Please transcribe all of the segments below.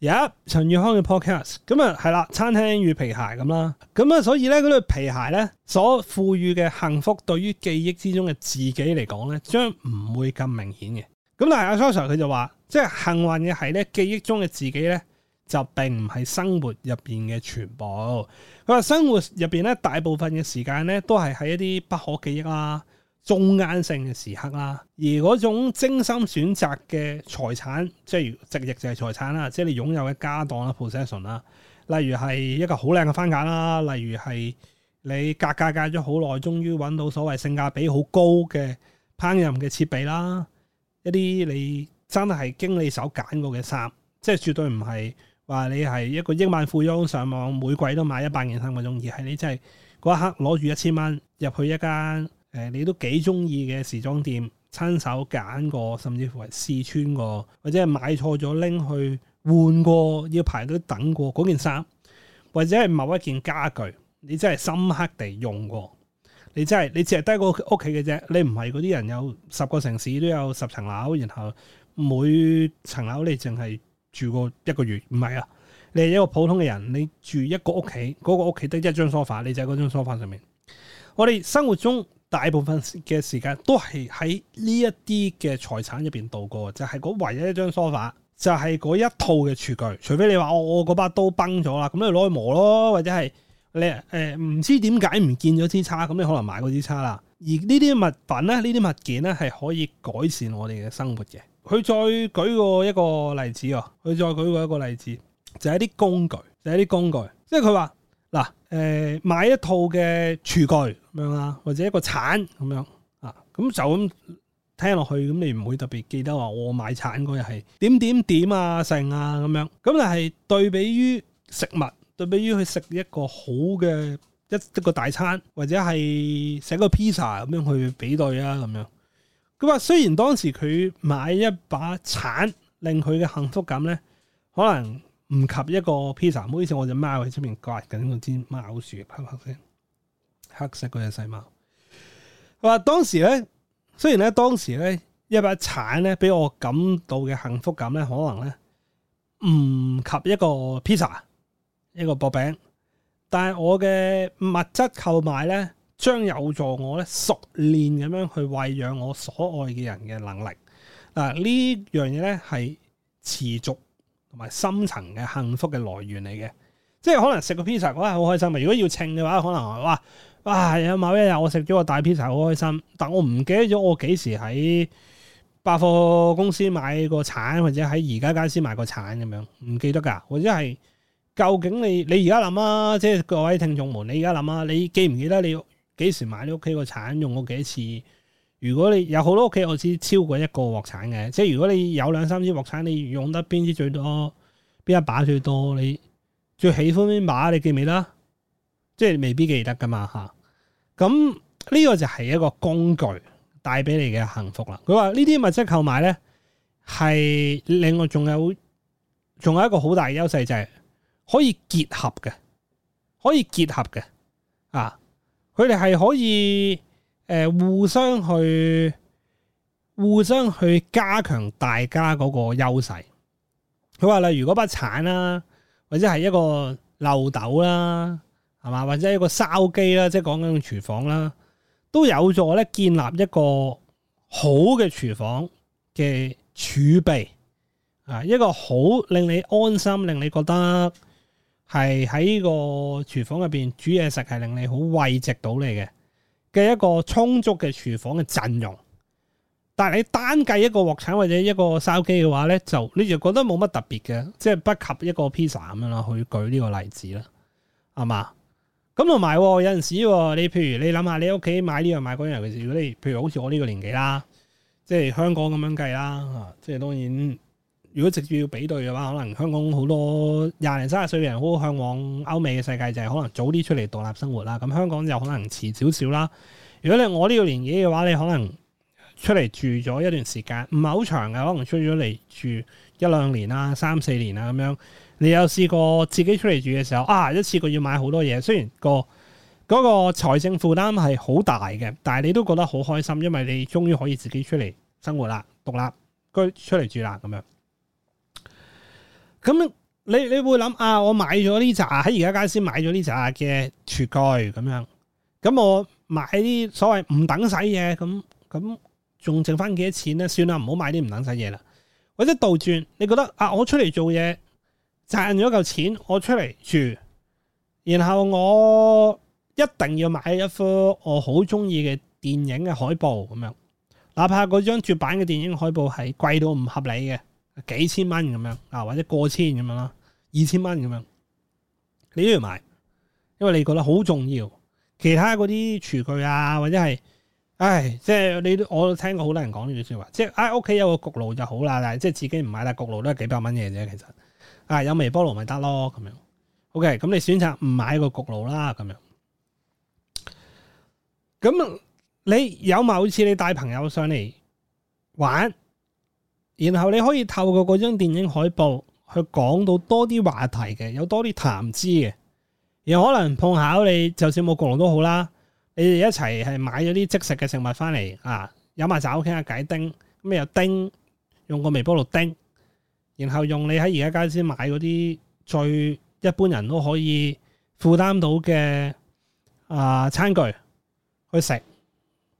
有陳宇康嘅 podcast，咁啊係啦，餐廳與皮鞋咁啦，咁啊所以咧嗰對皮鞋咧所賦予嘅幸福，對於記憶之中嘅自己嚟講咧，將唔會咁明顯嘅。咁但係阿 c a s 佢就話，即係幸運嘅係咧，記憶中嘅自己咧就並唔係生活入邊嘅全部。佢話生活入邊咧，大部分嘅時間咧都係喺一啲不可記憶啦。中間性嘅時刻啦，而嗰種精心選擇嘅財產，即係直譯就係財產啦，即係你擁有嘅家當啦、possession 啦，例如係一個好靚嘅番揀啦，例如係你格價揀咗好耐，終於揾到所謂性價比好高嘅烹飪嘅設備啦，一啲你真係經你手揀過嘅衫，即係絕對唔係話你係一個億萬富翁上網每季都買一百件衫嗰種，而係你真係嗰一刻攞住一千蚊入去一間，誒，你都幾中意嘅時裝店，親手揀過，甚至乎係試穿過，或者係買錯咗拎去換過，要排隊等過嗰件衫，或者係某一件家具，你真係深刻地用過，你真係你只係低個屋企嘅啫，你唔係嗰啲人有十個城市都有十層樓，然後每層樓你淨係住過一個月，唔係啊，你係一個普通嘅人，你住一個屋企，嗰、那個屋企得一張梳化，你就喺嗰張 s o 上面，我哋生活中。大部分嘅時間都係喺呢一啲嘅財產入邊度過，就係嗰唯一一張梳化，就係嗰一套嘅廚具。除非你話我我嗰把刀崩咗啦，咁你攞去磨咯，或者係你誒唔知點解唔見咗支叉，咁你可能買嗰支叉啦。而呢啲物品咧，呢啲物件咧係可以改善我哋嘅生活嘅。佢再舉過一個例子喎，佢再舉過一個例子，就係啲工具，就係啲工具，即係佢話。嗱、嗯，誒買一套嘅廚具咁樣啦，或者一個鏟咁樣啊，咁就咁聽落去，咁你唔會特別記得話我買鏟嗰日係點點點啊成啊咁樣。咁但係對比於食物，對比於佢食一個好嘅一一個大餐，或者係食個披薩咁樣去比對啊咁樣。佢話雖然當時佢買一把鏟，令佢嘅幸福感咧，可能，唔及一個 pizza，唔好意思，我隻貓喺出邊刮緊個支貓樹，黑黑色，黑色嗰隻細貓。佢話當時咧，雖然咧當時咧一把鏟咧，俾我感到嘅幸福感咧，可能咧唔及一個 pizza，一個薄餅。但係我嘅物質購買咧，將有助我咧熟練咁樣去餵養我所愛嘅人嘅能力。嗱、啊，這樣呢樣嘢咧係持續。同埋深層嘅幸福嘅來源嚟嘅，即係可能食個 pizza 嗰係好開心嘅。如果要稱嘅話，可能哇哇係啊！某一日我食咗個大 pizza 好開心，但我唔記得咗我幾時喺百貨公司買個鏟，或者喺宜家街市買個鏟咁樣，唔記得噶。或者係究竟你你而家諗啊，即係各位聽眾們，你而家諗啊，你記唔記得你幾時買你屋企個鏟用過幾次？如果你有好多屋企，我知超過一個鑊鏟嘅，即係如果你有兩三支鑊鏟，你用得邊支最多？邊一把最多？你最喜歡邊把？你記唔記得？即係未必記得噶嘛吓。咁、嗯、呢、這個就係一個工具帶俾你嘅幸福啦。佢話呢啲物質購買咧，係另外仲有仲有一個好大嘅優勢就係、是、可以結合嘅，可以結合嘅啊！佢哋係可以。互相去互相去加強大家嗰個優勢。佢話如果把鏟啦，或者係一個漏斗啦，係嘛，或者一個筲箕啦，即係講緊廚房啦、啊，都有助咧建立一個好嘅廚房嘅儲備啊！一個好令你安心，令你覺得係喺呢個廚房入面煮嘢食係令你好慰藉到你嘅。嘅一個充足嘅廚房嘅陣容，但係你單計一個鍋鏟或者一個燒機嘅話咧，就你就覺得冇乜特別嘅，即係不及一個 pizza 咁樣咯。去舉呢個例子啦，係嘛？咁同埋有陣時你，你譬如你諗下、這個，你屋企買呢樣買嗰樣嘅時，如果你譬如好似我呢個年紀啦，即係香港咁樣計啦，啊，即係當然。如果直接要比對嘅話，可能香港好多廿零三十歲嘅人好向往歐美嘅世界，就係可能早啲出嚟獨立生活啦。咁香港就可能遲少少啦。如果你我呢個年紀嘅話，你可能出嚟住咗一段時間，唔係好長嘅，可能出咗嚟住一兩年啦、三四年啦咁樣。你有試過自己出嚟住嘅時候啊，一次過要買好多嘢，雖然個嗰個財政負擔係好大嘅，但係你都覺得好開心，因為你終於可以自己出嚟生活啦，獨立居出嚟住啦咁樣。咁你你會諗啊？我買咗呢紮喺，而家街市買咗呢紮嘅廚具咁樣，咁我買啲所謂唔等使嘢，咁咁仲剩翻幾多錢咧？算啦，唔好買啲唔等使嘢啦。或者倒轉，你覺得啊？我出嚟做嘢賺咗嚿錢，我出嚟住，然後我一定要買一幅我好中意嘅電影嘅海報咁樣，哪怕嗰張絕版嘅電影海報係貴到唔合理嘅。幾千蚊咁樣啊，或者過千咁樣啦，二千蚊咁樣，你都要買，因為你覺得好重要。其他嗰啲廚具啊，或者係，唉、哎，即係你我都聽過好多人講呢句說話，即係唉，哎、屋企有個焗爐就好啦，但係即係自己唔買啦，焗爐都係幾百蚊嘢啫，其實啊、哎，有微波爐咪得咯，咁樣。OK，咁你選擇唔買個焗爐啦，咁樣。咁你有冇好似你帶朋友上嚟玩？然後你可以透過嗰張電影海報，去講到多啲話題嘅，有多啲談資嘅，然後可能碰巧你就算冇焗爐都好啦，你哋一齊係買咗啲即食嘅食物翻嚟啊，飲埋酒傾下偈叮，咩，又叮，用個微波爐叮，然後用你喺而家街市買嗰啲最一般人都可以負擔到嘅啊、呃、餐具去食，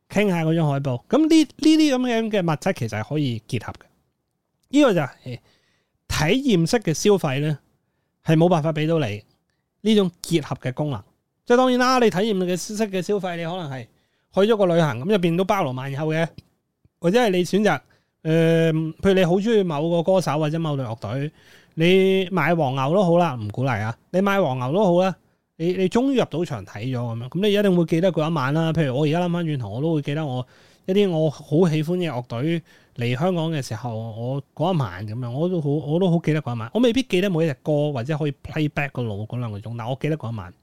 傾下嗰張海報，咁呢呢啲咁樣嘅物質其實係可以結合嘅。呢、這個就係、是、體驗式嘅消費咧，係冇辦法俾到你呢種結合嘅功能。即係當然啦、啊，你體驗你嘅體驗式嘅消費，你可能係去咗個旅行，咁就變到包羅萬有嘅，或者係你選擇，誒、呃，譬如你好中意某個歌手或者某類樂隊，你買黃牛都好啦，唔鼓勵啊，你買黃牛都好啦。你你終於入到場睇咗咁樣，咁你一定會記得嗰一晚啦。譬如我而家諗翻轉頭，我都會記得我一啲我好喜歡嘅樂隊嚟香港嘅時候，我嗰一晚咁樣，我都好我都好記得嗰一晚。我未必記得每一首歌，或者可以 play back 個腦嗰兩個鐘，但我記得嗰一晚。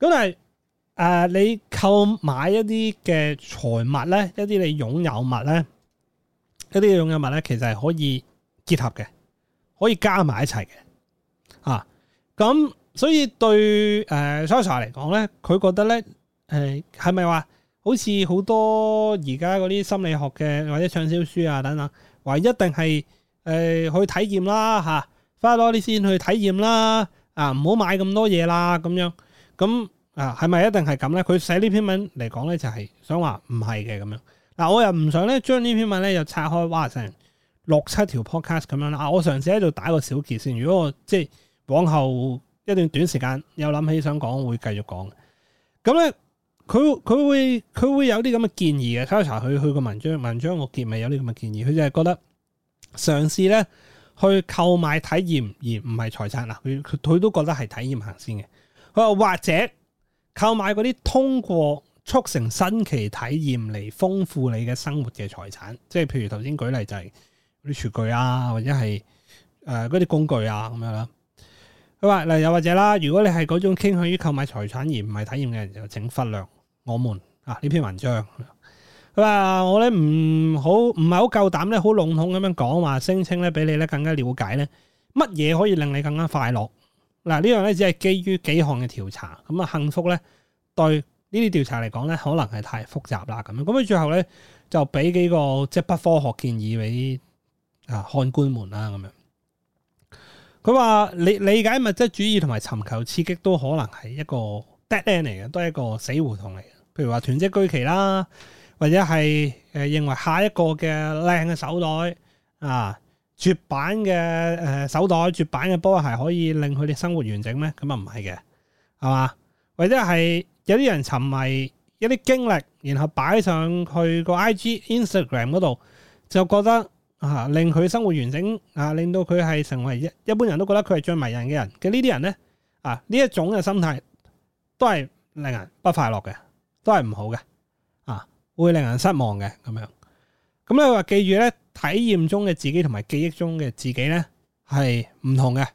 咁誒，誒、呃、你購買一啲嘅財物咧，一啲你擁有物咧，一啲擁有物咧，其實係可以結合嘅，可以加埋一齊嘅啊，咁。所以對誒 Sasha 嚟講咧，佢覺得咧誒係咪話好似好多而家嗰啲心理學嘅或者暢銷書啊，等等，話一定係誒去體驗啦吓，花多啲先去體驗啦啊，唔好買咁多嘢啦咁樣咁啊，係咪一定係咁咧？佢寫呢篇文嚟講咧就係想話唔係嘅咁樣。嗱、啊、我又唔想咧將呢篇文咧又拆開哇成六七條 podcast 咁樣啦。我上次喺度打個小結先，如果我即係往後。一段短時間又諗起想講，會繼續講。咁咧，佢佢會佢會有啲咁嘅建議嘅。查查佢去個文章文章，文章我見咪有啲咁嘅建議。佢就係覺得嘗試咧去購買體驗，而唔係財產啦。佢佢都覺得係體驗行先嘅。佢話或者購買嗰啲通過促成新奇體驗嚟豐富你嘅生活嘅財產，即係譬如頭先舉例就係嗰啲廚具啊，或者係嗰啲工具啊咁樣啦。嗱又或者啦，如果你係嗰種傾向於購買財產而唔係體驗嘅人，就請忽略我們啊呢篇文章。我咧唔好唔係好夠膽咧，好籠統咁樣講話，聲稱咧俾你咧更加了解咧乜嘢可以令你更加快樂。嗱、啊這個、呢樣咧只係基於幾項嘅調查，咁啊幸福咧對呢啲調查嚟講咧可能係太複雜啦咁樣。咁最後咧就俾幾個即係不科學建議俾啊看官們啦咁樣。佢話理理解物質主義同埋尋求刺激都可能係一個 dead end 嚟嘅，都係一個死胡同嚟嘅。譬如話團結居奇啦，或者係誒認為下一個嘅靚嘅手袋啊，絕版嘅手袋、絕版嘅波鞋可以令佢哋生活完整咩？咁啊唔係嘅，係嘛？或者係有啲人沉迷一啲經歷，然後擺上去個 IG、Instagram 嗰度，就覺得。啊、令佢生活完整，啊，令到佢係成為一一般人都覺得佢係最迷人嘅人嘅呢啲人咧，啊，呢一種嘅心態都係令人不快樂嘅，都係唔好嘅，啊，會令人失望嘅咁樣。咁你話記住咧，體驗中嘅自己同埋記憶中嘅自己咧係唔同嘅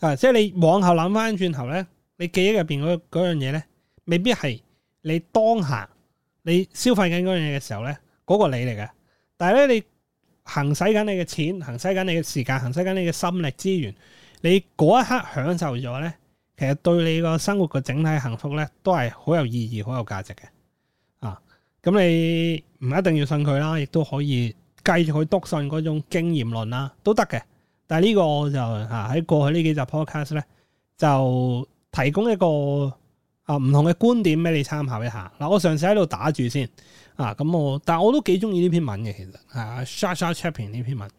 啊，即係你往後諗翻轉頭咧，你記憶入邊嗰嗰樣嘢咧，未必係你當下你消費緊嗰樣嘢嘅時候咧嗰、嗰個你嚟嘅。但係咧，你行使緊你嘅錢，行使緊你嘅時間，行使緊你嘅心力資源，你嗰一刻享受咗咧，其實對你個生活嘅整體幸福咧，都係好有意義、好有價值嘅。啊，咁你唔一定要信佢啦，亦都可以繼續去篤信嗰種經驗論啦，都得嘅。但係呢個就吓喺、啊、過去呢幾集 podcast 咧，就提供一個。啊，唔同嘅觀點俾你參考一下。嗱、啊，我上次喺度打住先。啊，咁、啊、我，但係我都幾中意呢篇文嘅，其實係啊。刷刷拆評呢篇文，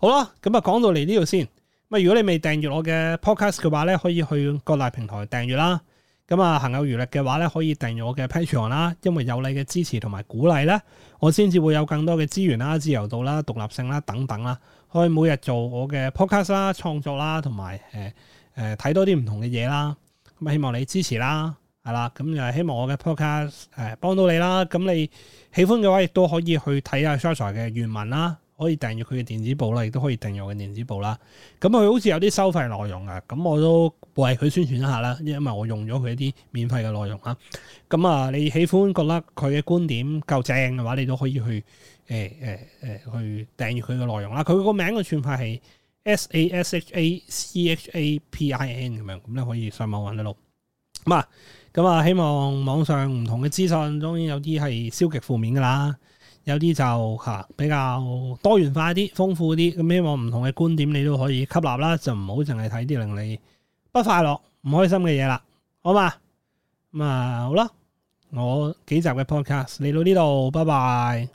好啦。咁啊，講到嚟，呢度先。咁啊，如果你未訂閱我嘅 podcast 嘅話咧，可以去各大平台訂閱啦。咁啊，行有餘力嘅話咧，可以訂閱我嘅 patreon 啦。因為有你嘅支持同埋鼓勵咧，我先至會有更多嘅資源啦、自由度啦、獨立性啦等等啦，可以每日做我嘅 podcast 啦、創作啦，嗯呃、同埋誒誒睇多啲唔同嘅嘢啦。咁啊，希望你支持啦。係啦，咁又希望我嘅 podcast 誒幫到你啦。咁你喜歡嘅話，亦都可以去睇下 Sasha 嘅原文啦。可以訂閱佢嘅電子報啦，亦都可以訂閱我嘅電子報啦。咁佢好似有啲收費內容啊。咁我都為佢宣傳一下啦，因為我用咗佢一啲免費嘅內容啊。咁啊，你喜歡覺得佢嘅觀點夠正嘅話，你都可以去誒誒誒去訂閱佢嘅內容啦。佢個名嘅串法係 S A S H A C H A P I N 咁樣，咁你可以上網揾得到咁啊。咁啊，希望網上唔同嘅資訊，當然有啲係消極負面噶啦，有啲就吓比較多元化啲，豐富啲。咁希望唔同嘅觀點，你都可以吸納啦，就唔好淨係睇啲令你不快樂、唔開心嘅嘢啦，好嘛？咁啊，好啦，我幾集嘅 podcast 嚟到呢度，拜拜。